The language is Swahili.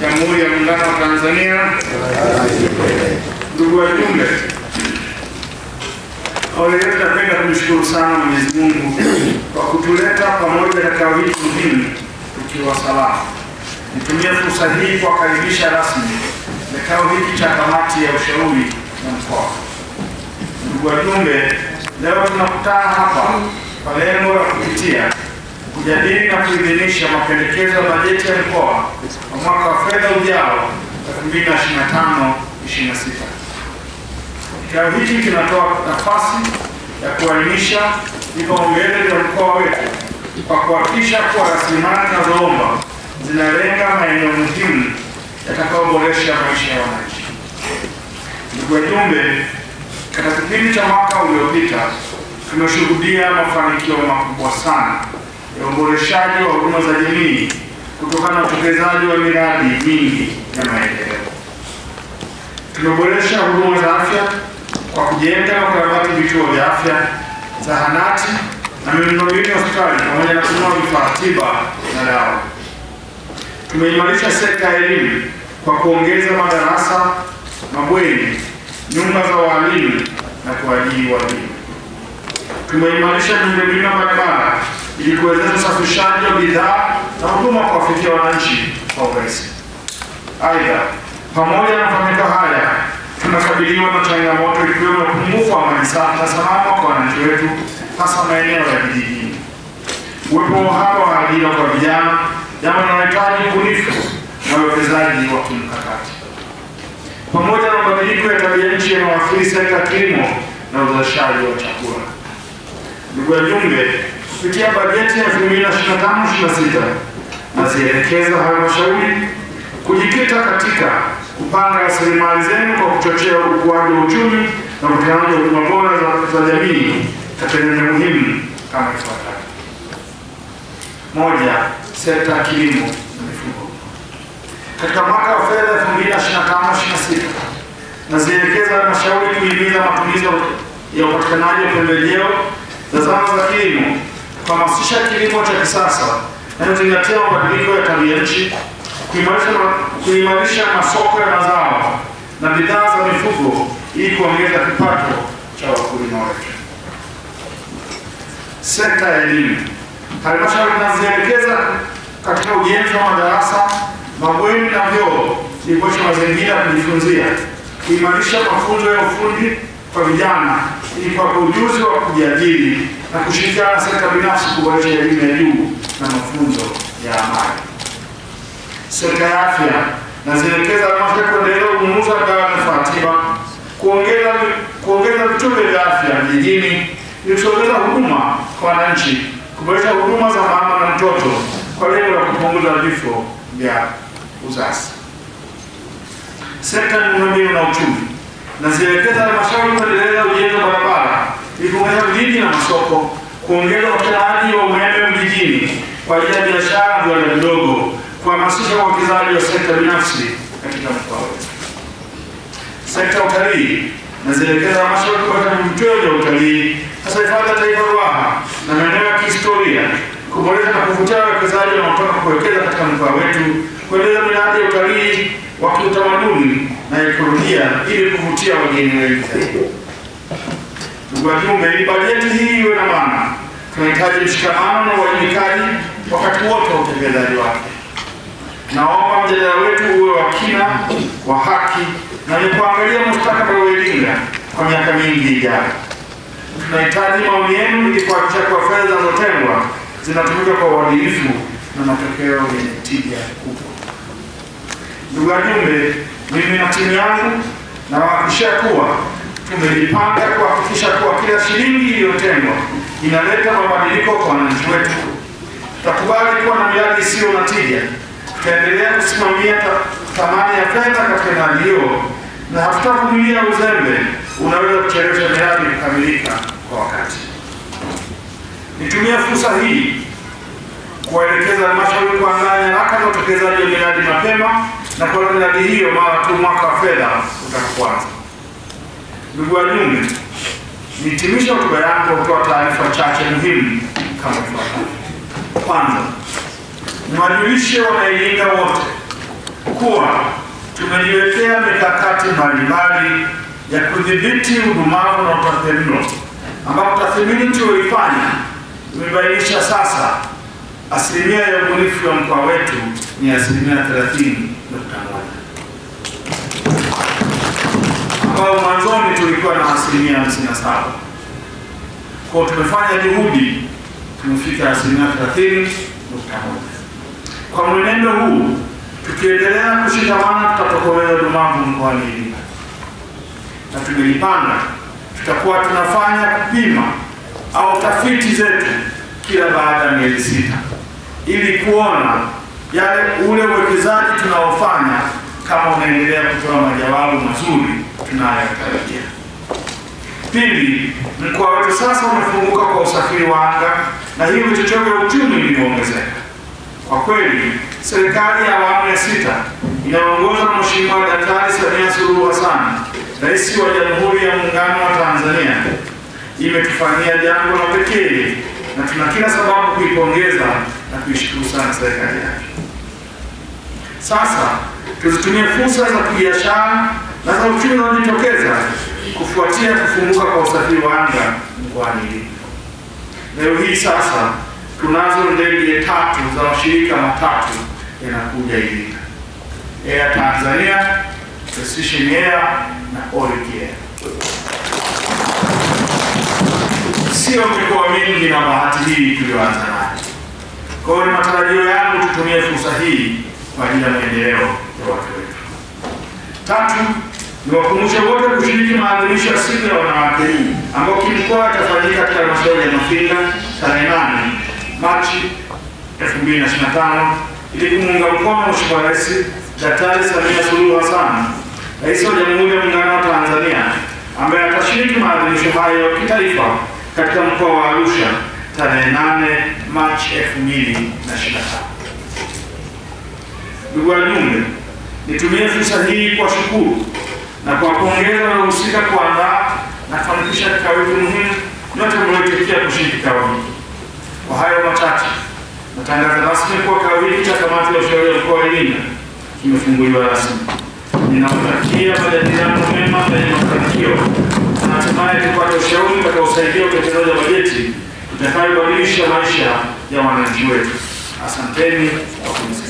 Jamhuri ya Muungano wa Tanzania. Ndugu wajumbe, awali yote napenda kumshukuru sana Mwenyezi Mungu kwa kutuleta pamoja na kikao hiki muhimu tukiwa salama. Nitumie fursa hii kuwakaribisha rasmi kikao hiki cha kamati ya ushauri na mkoa. Ndugu wajumbe, leo tunakutana hapa kwa lengo la kupitia kujadili na kuidhinisha mapendekezo ya bajeti ya mkoa kwa mwaka wa fedha ujao 2025/26. Kikao hiki kinatoa nafasi ya kuainisha vipaumbele vya mkoa wetu kwa kuhakikisha kuwa rasilimali zinazoomba zinalenga maeneo muhimu yatakayoboresha maisha ya wananchi. Ndugu wajumbe, katika kipindi cha mwaka uliopita tumeshuhudia mafanikio makubwa sana ya uboreshaji wa huduma za jamii kutokana na utekelezaji wa miradi mingi ya maendeleo. Tumeboresha huduma za afya kwa kujenga na kukarabati vituo vya afya, zahanati na miundombinu ya hospitali pamoja na kununua vifaa tiba na dawa. Tumeimarisha sekta ya elimu kwa kuongeza madarasa, mabweni, nyumba za walimu na kuajiri walimu. Tumeimarisha miundombinu ya barabara ili kuwezesha usafirishaji wa bidhaa na huduma kuwafikia wananchi kwa urahisi. Aidha, pamoja na mafanikio haya, tunakabiliwa na changamoto ikiwemo upungufu wa maji safi na salama kwa wananchi wetu, hasa maeneo ya vijijini. Uwepo wa uhaba wa ajira kwa vijana, jambo linalohitaji ubunifu na uwekezaji wa kimkakati. Pamoja na mabadiliko ya tabia nchi yanayoathiri sekta ya kilimo na uzalishaji wa chakula. Ndugu wajumbe, kupitia bajeti ya 2025/26 nazielekeza halmashauri kujikita katika kupanga rasilimali zenu kwa kuchochea ukuaji wa uchumi na upatikanaji wa huduma bora za, za jamii katika nyanja muhimu kama ifuatavyo: moja, sekta ya kilimo na mifugo. Katika mwaka wa fedha 2025/26 nazielekeza halmashauri kuhimiza matumizi ya upatikanaji wa pembejeo za zana za kilimo kuhamasisha kilimo cha kisasa inayozingatia mabadiliko ya tabia nchi, kuimarisha masoko ya mazao na bidhaa za mifugo ili kuongeza kipato cha wakulima wetu. Sekta ya elimu, halmashauri inazielekeza katika ujenzi wa madarasa, mabweni na vyoo ili kuweka mazingira ya kujifunzia, kuimarisha mafunzo ya ufundi kwa vijana ili kuwapa ujuzi wa kujiajiri na kushirikiana na sekta binafsi kuboresha elimu ya juu na mafunzo ya amali. Sekta ya afya na zielekeza halmashauri kuendelea ununuzi dawa na vifaa kuongeza kuongeza vituo vya afya vijijini ili kusogeza huduma kwa wananchi, kuboresha huduma za mama na mtoto kwa lengo la kupunguza vifo vya uzazi. Sekta ya miundombinu na uchumi na zielekeza halmashauri kuendeleza ujenzi wa barabara ili kuunganisha vijiji na masoko, kuongeza utoaji wa umeme mjini kwa ajili ya biashara na viwanda vidogo, kuhamasisha uwekezaji wa sekta binafsi katika mkoa wetu. Sekta ya utalii na zielekeza halmashauri kupata vivutio vya utalii hasa hifadhi ya taifa Ruaha na maeneo ya kihistoria kuboresha na kuvutia wawekezaji wanaotaka kuwekeza katika mkoa wetu, kuendeleza miradi ya utalii wa kiutamaduni na ekolojia ili kuvutia wageni wengi zaidi. Ndugu wajumbe, ili bajeti hii iwe na maana, tunahitaji mshikamano na uwajibikaji wakati wote wa utekelezaji wake. Naomba mjadala wetu uwe wa kina, wa haki na ni kuangalia mustakabali wa Iringa kwa miaka mingi ijayo. Tunahitaji maoni yenu ili kuhakikisha fedha zinazotengwa zinatumika kwa uadilifu na matokeo yenye tija kubwa. Ndugu wajumbe, mimi na timu yangu nawahakikishia kuwa tumejipanga kuhakikisha kuwa kila shilingi iliyotengwa inaleta mabadiliko kwa wananchi wetu. Tutakubali kuwa na miradi isiyo na tija, tutaendelea kusimamia thamani ya fedha katika miradi hiyo na hatutavumilia uzembe unaweza kuchelewesha miradi kukamilika kwa wakati. Nitumie fursa hii kuwaelekeza halmashauri kuandaa nyaraka za utekelezaji wa miradi mapema na kwa miradi hiyo mara tu mwaka wa fedha utakapoanza. Ndugu wajumbe, nihitimishe hotuba yangu kwa kutoa taarifa chache muhimu kama ifuatavyo. Kwanza, niwajulishe Wanairinga wote kuwa tumejiwekea mikakati mbalimbali ya kudhibiti udumavu na utapiamlo ambapo tathmini tuliyoifanya Tumebainisha sasa asilimia ya ubunifu wa mkoa wetu ni asilimia 30 nukta moja ambao mwanzoni tulikuwa na asilimia 57. kwao. tumefanya juhudi, tumefika asilimia 30 nukta moja. Kwa mwenendo huu tukiendelea kushikamana, tutatokomeza udumavu mkoani Iringa, na tumejipanga tutakuwa tunafanya kupima au tafiti zetu kila baada ya miezi sita ili kuona yale ule uwekezaji tunaofanya kama unaendelea kutoa majawabu mazuri tunayotarajia. Pili, mkoa wetu sasa umefunguka kwa usafiri wa anga na hii vichocheo vya uchumi vimeongezeka. Kwa kweli, serikali ya awamu ya sita inayoongozwa na Mheshimiwa Daktari Samia Suluhu Hassan, Rais wa Jamhuri ya Muungano wa Tanzania imetufanyia jambo la pekee na tuna kila sababu kuipongeza na kuishukuru sana serikali yake. Sasa tuzitumie fursa za kibiashara na za uchumi unaojitokeza kufuatia kufunguka kwa usafiri wa anga mkoani Lindi. Leo hii sasa tunazo ndege tatu za mashirika matatu yanakuja Iringa: Air Tanzania, Precision Air na Oriki Air sio mikoa mingi na bahati hii tuliyoanza nayo. Kwa hiyo ni matarajio yangu tutumie fursa hii kwa ajili ya maendeleo ya watu wetu. Tatu, niwakumbushe wote kushiriki maadhimisho ya siku ya wanawake ambao kilikuwa itafanyika katika halmashauri ya Mafinga tarehe nane Machi tano ili kumuunga mkono Mheshimiwa Rais Daktari Samia Suluhu Hassan, Rais wa Jamhuri ya Muungano wa Tanzania, ambaye atashiriki maadhimisho hayo kitaifa katika mkoa wa Arusha tarehe 8 Machi 2025. Ndugu wajumbe, nitumie fursa hii kwa shukuru na kuwapongeza waliohusika kuandaa na kufanikisha kikao hiki muhimu, nyote mlioitikia kushiriki kikao hiki. Kwa hayo machache, natangaza rasmi kuwa kikao hiki cha kamati ya ushauri ya mkoa wa Iringa kimefunguliwa rasmi. Ninakutakia majadiliano mema yenye mafanikio na hatimaye kupata ushauri utakaosaidia utekelezaji wa bajeti itakayobadilisha maisha ya wananchi wetu. Asanteni kwa